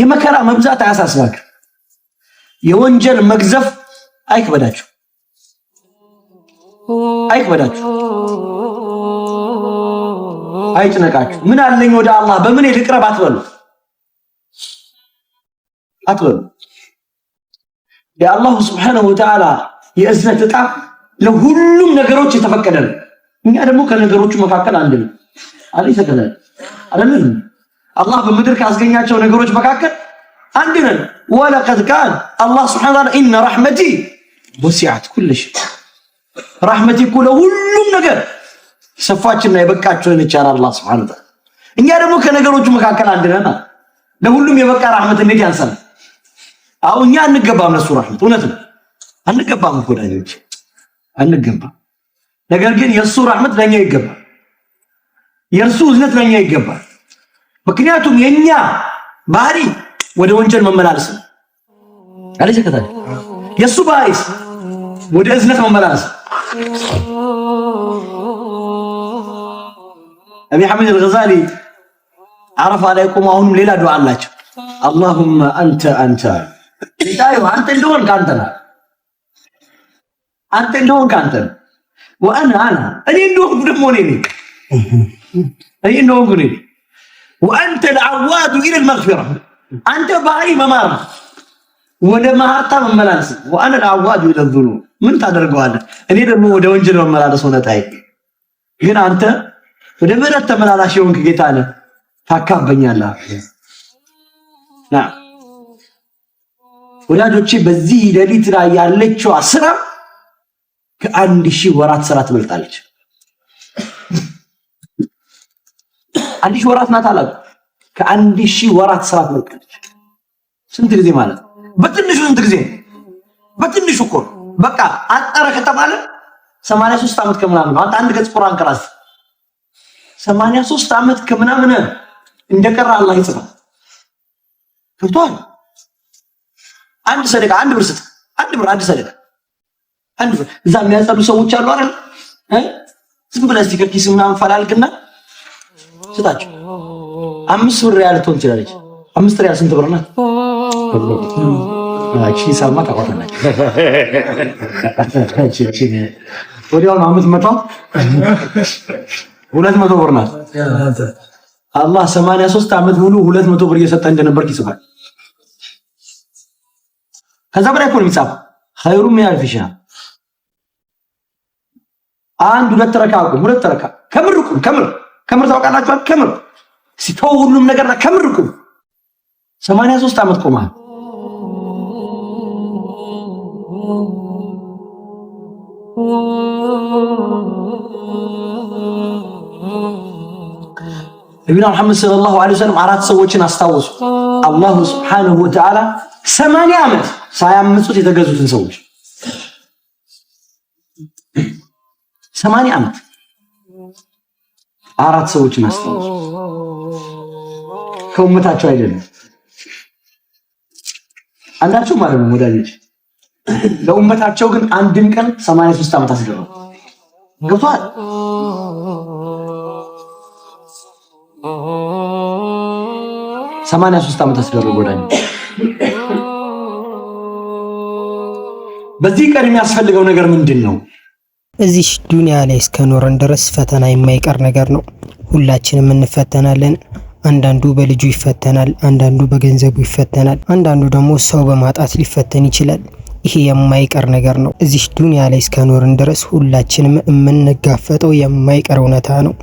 የመከራ መብዛት አያሳስባችሁ። የወንጀል መግዘፍ አይክበዳችሁ አይክበዳችሁ አይጭነቃችሁ። ምን አለኝ ወደ አላህ በምን ልቅረብ አትበሉ አትበሉ። የአላሁ ስብሓነሁ ወተዓላ የእዝነት እጣ ለሁሉም ነገሮች የተፈቀደ ነው። እኛ ደግሞ ከነገሮቹ መካከል አንድ ነው አለ አላህ በምድር ካስገኛቸው ነገሮች መካከል አንድ ነን። ወለቀድ ካን አላህ ስብሐነ ወተዓላ ኢነ ረሕመቲ ወሲዐት ኩለ ሸይ ረሕመቲ እኮ ለሁሉም ነገር የሰፋችና የበቃችሁን ይቻላል አላህ ስብሐነ ወተዓላ። እኛ ደግሞ ከነገሮቹ መካከል አንድ ነን። ለሁሉም የበቃ ረሕመት እንዴት ያንሳል? አሁን እኛ አንገባም ለሱ ረሕመት። እውነት ነው አንገባም እኮ አንገባም። ነገር ግን የእሱ ረሕመት ለእኛ ይገባል። የእርሱ እዝነት ለእኛ ይገባል። ምክንያቱም የኛ ባህሪ ወደ ወንጀል መመላለስ ነው። አለች የሱ ባህሪስ ወደ እዝነት መመላለስ አቢ ሐሚድ አልገዛሊ አረፋ ላይ ቆሞ አሁንም ሌላ ዱዓ አላቸው። አላሁመ አንተ አንተ ጌታዬ አንተ እንደሆንክ አንተ ነህ፣ አንተ እንደሆንክ አንተ ነህ፣ ወአና አና እኔ እንደሆንኩ ደግሞ እኔ ነኝ፣ እኔ እንደሆንኩ እኔ ነኝ ወአንተ ለአዋዱ ኢለል መግፊራ አንተ ባህሪ መማር ወደ ማህርታ መመላለስ። ወአነ ለአዋዱ ኢለል ዙኑብ ምን ታደርገዋለህ? እኔ ደግሞ ወደ ወንጀል መመላለስ ሆነታይ። ግን አንተ ወደ ምሕረት ተመላላሽ የሆንክ ጌታ ነህ፣ ታካበኛለህ። ና ወዳጆቼ፣ በዚህ ሌሊት ላይ ያለችዋ ስራ ከአንድ ሺህ ወራት ስራ ትበልጣለች። አንድ ሺህ ወራት ናት አላት። ከአንድ ሺህ ወራት ስራ ትለቃለች። ስንት ጊዜ ማለት በትንሹ ስንት ጊዜ በትንሹ እኮ በቃ አጠረ ከተባለ 83 ዓመት ከምናምን ነው። አንተ አንድ ገጽ ቁርአን ቅራስ 83 ዓመት ከምናምን እንደቀረ አላህ ይጽፋ ገብቷል። አንድ ሰደቃ አንድ ብር ስጥ፣ አንድ ብር አንድ ሰደቃ አንድ ብር። እዛ የሚያጸዱ ሰዎች አሉ አይደል? ዝም ብለህ እስቲ ከኪስ ምናምን ፈላልግና ስጣቸው። አምስት ብር ያህል ትሆን ትችላለች። አምስት ብር ስንት ብር ናት? ሂሳብማ ታቋታላችሁ። ወዲያውኑ አምስት ሁለት መቶ ብር ናት። አላህ ሰማንያ ሶስት ዓመት ሙሉ ሁለት መቶ ብር እየሰጠ እንደነበር ይጽፋል። ከዛ በላይ እኮ ነው የሚጻፈው። ኸይሩ ሚን አንድ ሁለት ረካ አቁም። ሁለት ረካ ከምር ከምር ከምር ታውቃላችኋል። ከምር ሲተው ሁሉም ነገር ከምር እኮ ሰማንያ ሶስት ዓመት ቆማል። ነቢዩና መሐመድ ሰለላሁ ዐለይሂ ወሰለም አራት ሰዎችን አስታወሱ። አላሁ ስብሓነሁ ወተዓላ ሰማንያ ዓመት ሳያምፁት የተገዙትን ሰዎች ሰማንያ ዓመት አራት ሰዎች አስታውሱ። ከውመታቸው አይደለም አንዳቸው ማለት ነው ወዳጆች። ለውመታቸው ግን አንድም ቀን 83 ዓመት አስገባ ገብቷል። ሰማንያ ሶስት ዓመት አስደረጉ። በዚህ ቀን የሚያስፈልገው ነገር ምንድን ነው? እዚህ ዱንያ ላይ እስከኖረን ድረስ ፈተና የማይቀር ነገር ነው። ሁላችንም እንፈተናለን። አንዳንዱ በልጁ ይፈተናል፣ አንዳንዱ በገንዘቡ ይፈተናል፣ አንዳንዱ ደግሞ ሰው በማጣት ሊፈተን ይችላል። ይሄ የማይቀር ነገር ነው። እዚህ ዱንያ ላይ እስከኖርን ድረስ ሁላችንም የምንጋፈጠው የማይቀር እውነታ ነው።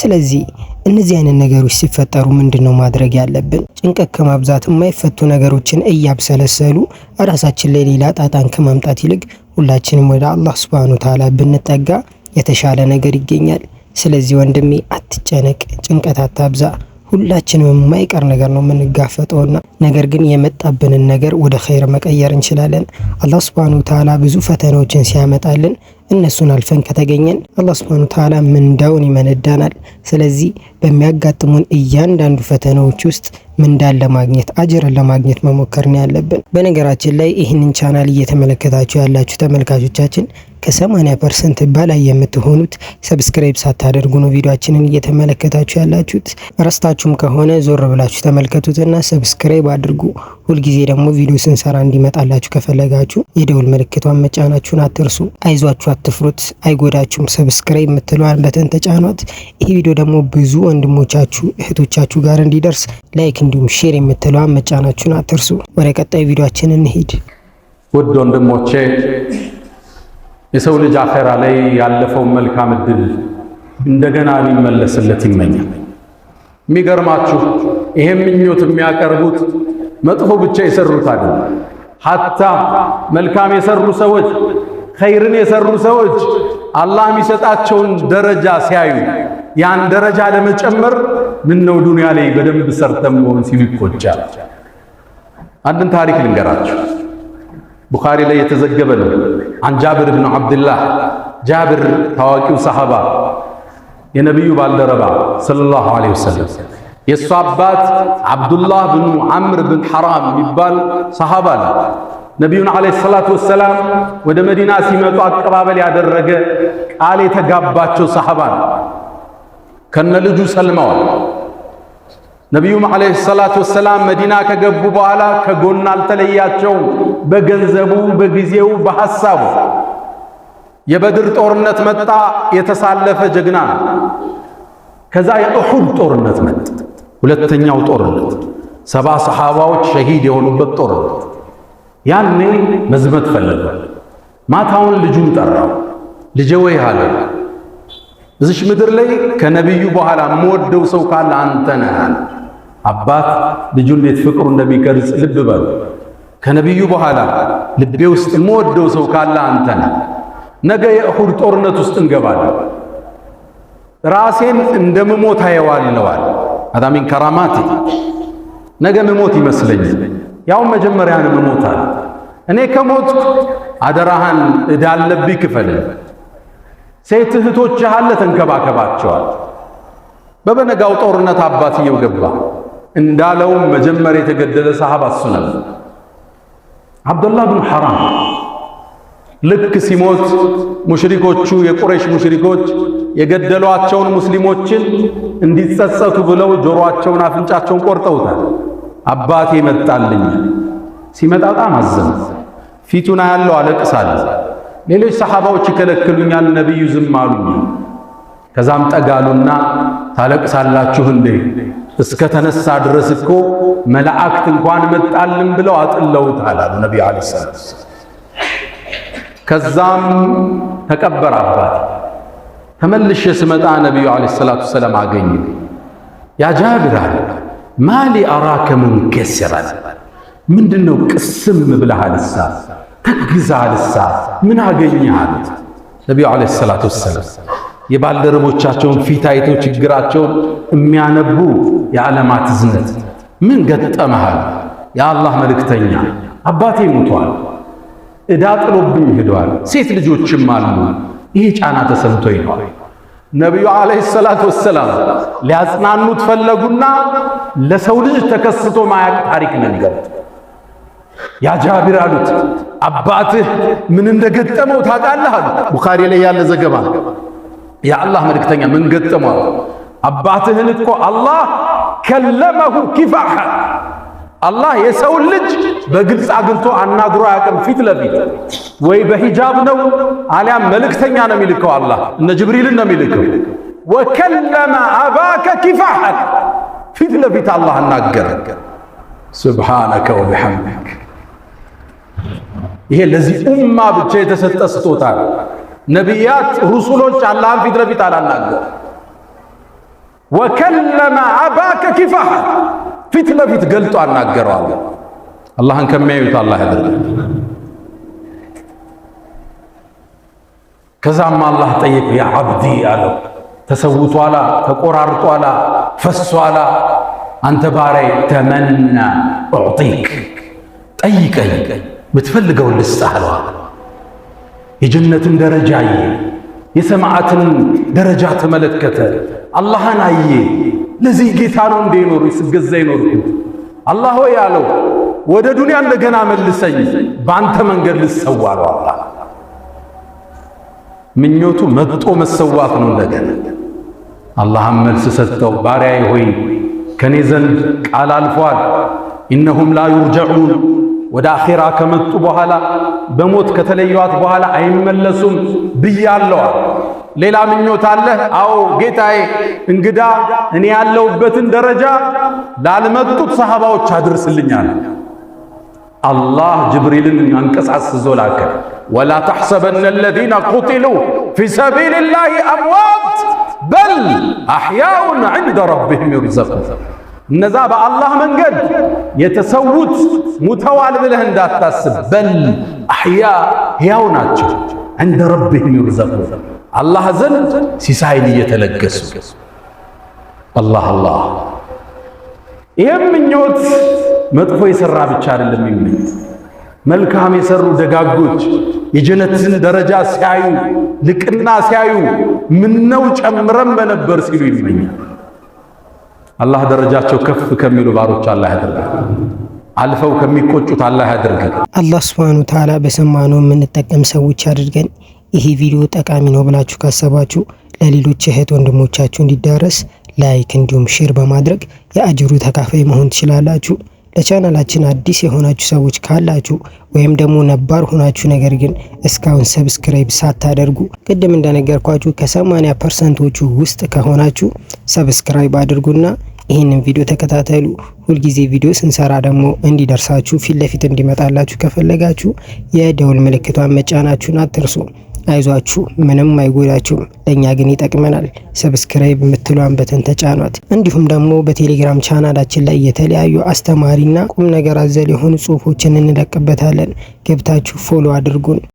ስለዚህ እነዚህ አይነት ነገሮች ሲፈጠሩ ምንድን ነው ማድረግ ያለብን? ጭንቀት ከማብዛት የማይፈቱ ነገሮችን እያብሰለሰሉ ራሳችን ላይ ሌላ ጣጣን ከማምጣት ይልቅ ሁላችንም ወደ አላህ ስብሃኑ ተዓላ ብንጠጋ የተሻለ ነገር ይገኛል። ስለዚህ ወንድሜ አትጨነቅ፣ ጭንቀት አታብዛ። ሁላችንም የማይቀር ነገር ነው የምንጋፈጠውና ነገር ግን የመጣብንን ነገር ወደ ኸይር መቀየር እንችላለን። አላህ ስብሃኑ ተዓላ ብዙ ፈተናዎችን ሲያመጣልን እነሱን አልፈን ከተገኘን አላህ ስብሐነ ወተዓላ ምንዳውን ይመነዳናል። ስለዚህ በሚያጋጥሙን እያንዳንዱ ፈተናዎች ውስጥ ምንዳን ለማግኘት አጅርን ለማግኘት መሞከር ነው ያለብን። በነገራችን ላይ ይህንን ቻናል እየተመለከታችሁ ያላችሁ ተመልካቾቻችን ከ80 ፐርሰንት በላይ የምትሆኑት ሰብስክራይብ ሳታደርጉ ነው ቪዲዮችንን እየተመለከታችሁ ያላችሁት። ረስታችሁም ከሆነ ዞር ብላችሁ ተመልከቱትና ሰብስክራይብ አድርጉ። ሁልጊዜ ደግሞ ቪዲዮ ስንሰራ እንዲመጣላችሁ ከፈለጋችሁ የደውል ምልክቷን መጫናችሁን አትርሱ። አይዟችሁ፣ አትፍሩት፣ አይጎዳችሁም። ሰብስክራይብ የምትለዋን በተን ተጫኗት። ይህ ቪዲዮ ደግሞ ብዙ ወንድሞቻችሁ እህቶቻችሁ ጋር እንዲደርስ ላይክ እንዲሁም ሼር የምትለዋን መጫናችሁን አትርሱ። ወደ ቀጣይ ቪዲዮችን እንሂድ። ውድ ወንድሞቼ የሰው ልጅ አኼራ ላይ ያለፈውን መልካም እድል እንደገና ሊመለስለት ይመኛል። የሚገርማችሁ ይሄም ምኞት የሚያቀርቡት መጥፎ ብቻ የሰሩት አይደል። ሀታ መልካም የሰሩ ሰዎች፣ ኸይርን የሰሩ ሰዎች አላህ የሚሰጣቸውን ደረጃ ሲያዩ ያን ደረጃ ለመጨመር ምን ነው ዱንያ ላይ በደንብ ሰርተን መሆን ሲሉ ይቆጫል። አንድን ታሪክ ልንገራችሁ። ቡኻሪ ላይ የተዘገበ ነው። አን ጃብር ብን ዓብድላህ ጃብር ታዋቂው ሰሃባ የነቢዩ ባልደረባ ሰለላሁ ዐለይሂ ወሰለም የእሱ አባት ዓብዱላህ ብኑ ዓምር ብን ሐራም የሚባል ሰሃባ ነው። ነቢዩን ዓለይሂ ሰላቱ ወሰላም ወደ መዲና ሲመጡ አቀባበል ያደረገ ቃል የተጋባቸው ሰሃባ ነው። ከነ ልጁ ሰልመዋል። ነቢዩም ዓለይሂ ሰላቱ ወሰላም መዲና ከገቡ በኋላ ከጎን አልተለያቸውም። በገንዘቡ፣ በጊዜው፣ በሐሳቡ የበድር ጦርነት መጣ። የተሳለፈ ጀግና ነው። ከዛ የኡሑድ ጦርነት መጣ። ሁለተኛው ጦርነት ሰባ ሰሓባዎች ሸሂድ የሆኑበት ጦርነት። ያኔ መዝመት ፈለገ። ማታውን ልጁን ጠራው። ልጄ ወይ አለ እዚሽ ምድር ላይ ከነቢዩ በኋላ የምወደው ሰው ካለ አንተ ነህ። አባት ልጁ እንዴት ፍቅሩ እንደሚገልጽ ልብ በሉ። ከነቢዩ በኋላ ልቤ ውስጥ የምወደው ሰው ካለ አንተን። ነገ የእሁድ ጦርነት ውስጥ እንገባለን። ራሴን እንደምሞት አየዋለዋል። አዳሚን ከራማቴ ነገ ምሞት ይመስለኛል። ያው መጀመሪያን ምሞታል። እኔ ከሞትኩ አደራህን እዳለብኝ ክፈል። ሴት እህቶችህ አለ ተንከባከባቸዋል። በበነጋው ጦርነት አባትየው ገባ። እንዳለውም መጀመሪያ የተገደለ ሰሃባ እሱ ነበር። አብዱላህ ብን ሐራም ልክ ሲሞት ሙሽሪኮቹ የቁረይሽ ሙሽሪኮች የገደሏቸውን ሙስሊሞችን እንዲጸጸቱ ብለው ጆሮአቸውን፣ አፍንጫቸውን ቆርጠውታል። አባቴ መጣልኝ። ሲመጣ በጣም አዘነ። ፊቱና ያለው አለቅሳለ። ሌሎች ሰሓባዎች ይከለክሉኛል፣ ነቢዩ ዝም አሉኝ። ከዛም ጠጋሉና ታለቅሳላችሁ እንዴ እስከ ተነሳ ድረስ እኮ መላእክት እንኳን መጣልን ብለው አጥለውታል አሉ ነቢ ዓለይሂ ሰላም። ከዛም ተቀበረ አባት። ተመልሼ ስመጣ ነቢዩ ዓለይሂ ሰላቱ ሰላም አገኘ። ያ ጃብር አለ ማሊ አራከ ሙንከሲራን፣ ምንድነው ቅስም ብለሃልሳ ተግዛልሳ ምን አገኘህ? አሉት ነቢዩ ዓለይሂ ሰላቱ ሰላም የባልደረቦቻቸውን ፊት አይተው ችግራቸውን የሚያነቡ የዓለማት ዝነት ምን ገጠመሃል? የአላህ መልእክተኛ አባቴ ሙቷል፣ እዳ ጥሎብኝ ሄደዋል ሴት ልጆችም አሉ። ይሄ ጫና ተሰምቶ ይነዋል። ነቢዩ ዓለይሂ ሰላቱ ወሰላም ሊያጽናኑት ፈለጉና ለሰው ልጅ ተከስቶ ማያቅ ታሪክ ነገር ያ ጃቢር አሉት፣ አባትህ ምን እንደገጠመው ታውቃለህ? አሉ ቡኻሪ ላይ ያለ ዘገባ የአላህ መልእክተኛ ምን ገጠመው? አባትህን እኮ አላህ ከለመሁ ኪፋሐ አላህ የሰውን ልጅ በግልጽ አግኝቶ አናግሮ አያውቅም። ፊት ለፊት ወይ በሂጃብ ነው አሊያም መልእክተኛ ነው የሚልከው አላህ እነ ጅብሪልን ነው የሚልከው። ወከለመ አባከ ኪፋሐ ፊት ለፊት አላህ አናገረ። ሱብሓነከ ወቢሐምድክ ይሄ ለዚህ ኡማ ብቻ የተሰጠ ስጦታ ነው። ነቢያት ሩሱሎች አላህን ፊት ለፊት አላናገሩ። ወከለመ አባከ ኪፋሃ ፊት ለፊት ገልጦ አናገረው። አላህን ከሚያዩት አላህ ያደርገን። ከዛም አላህ ጠየቁ ያ አብዲ አለው። ተሰውቷላ፣ ተቆራርጧላ፣ ፈሷላ። አንተ ባሪያዬ ተመና ኡዕጢክ ጠይቀኝ፣ ብትፈልገውን ልስጥህ አለው። የጀነትን ደረጃ አየ። የሰማዓትን ደረጃ ተመለከተ። አላህን አየ። ለዚህ ጌታ ነው እንደ ይኖሩ ስገዛ ይኖርኩት አላህ ሆይ ያለው ወደ ዱንያ እንደገና መልሰኝ፣ በአንተ መንገድ ልሰዋ ነው። አላህ ምኞቱ መጥቶ መሰዋት ነው። እንደገና አላህም መልስ ሰጥተው ባሪያዬ ሆይ ከኔ ዘንድ ቃል አልፏል፣ ኢነሁም ላ ዩርጀዑን ወደ አኼራ ከመጡ በኋላ በሞት ከተለዩዋት በኋላ አይመለሱም ብያለዋል። ሌላ ምኞት አለህ? አዎ ጌታዬ፣ እንግዳ እኔ ያለሁበትን ደረጃ ላልመጡት ሰሃባዎች አድርስልኛል። አላህ ጅብሪልን አንቀጻስዞ ላከ። ወላ ተሕሰበነ አለዚነ ቁቲሉ ፊ ሰቢልላሂ አምዋት በል አሕያኡን ዐንደ ረቢህም ዩርዘቁን እነዛ በአላህ መንገድ የተሰዉት ሙተዋል ብለህ እንዳታስብ። በል አሕያ ሕያው ናቸው እንደ ረብህም ይርዘቁ አላህ ዘንድ ሲሳይን እየተለገሱ አላህ አላህ። ይህም ምኞት መጥፎ የሠራ ብቻ አይደለም የሚመኝ መልካም የሰሩ ደጋጎች የጀነትን ደረጃ ሲያዩ ልቅና ሲያዩ ምነው ጨምረን በነበር ሲሉ ይመኛል። አላህ ደረጃቸው ከፍ ከሚሉ ባሮች አላህ ያደርገን። አልፈው ከሚቆጩት አላህ ያደርገን። አላህ ሱብሓነሁ ወተዓላ በሰማነው የምንጠቀም ሰዎች አድርገን። ይሄ ቪዲዮ ጠቃሚ ነው ብላችሁ ካሰባችሁ ለሌሎች እህት ወንድሞቻችሁ እንዲዳረስ ላይክ እንዲሁም ሼር በማድረግ የአጅሩ ተካፋይ መሆን ትችላላችሁ። ለቻናላችን አዲስ የሆናችሁ ሰዎች ካላችሁ ወይም ደግሞ ነባር ሆናችሁ ነገር ግን እስካሁን ሰብስክራይብ ሳታደርጉ ቅድም እንደነገርኳችሁ ከ80 ፐርሰንቶቹ ውስጥ ከሆናችሁ ሰብስክራይብ አድርጉና ይህንን ቪዲዮ ተከታተሉ። ሁልጊዜ ቪዲዮ ስንሰራ ደግሞ እንዲደርሳችሁ ፊት ለፊት እንዲመጣላችሁ ከፈለጋችሁ የደውል ምልክቷን መጫናችሁን አትርሱ። አይዟችሁ፣ ምንም አይጎዳችሁም። ለእኛ ግን ይጠቅመናል። ሰብስክራይብ የምትሏን በተን ተጫኗት። እንዲሁም ደግሞ በቴሌግራም ቻናላችን ላይ የተለያዩ አስተማሪና ቁም ነገር አዘል የሆኑ ጽሁፎችን እንለቅበታለን። ገብታችሁ ፎሎ አድርጉን።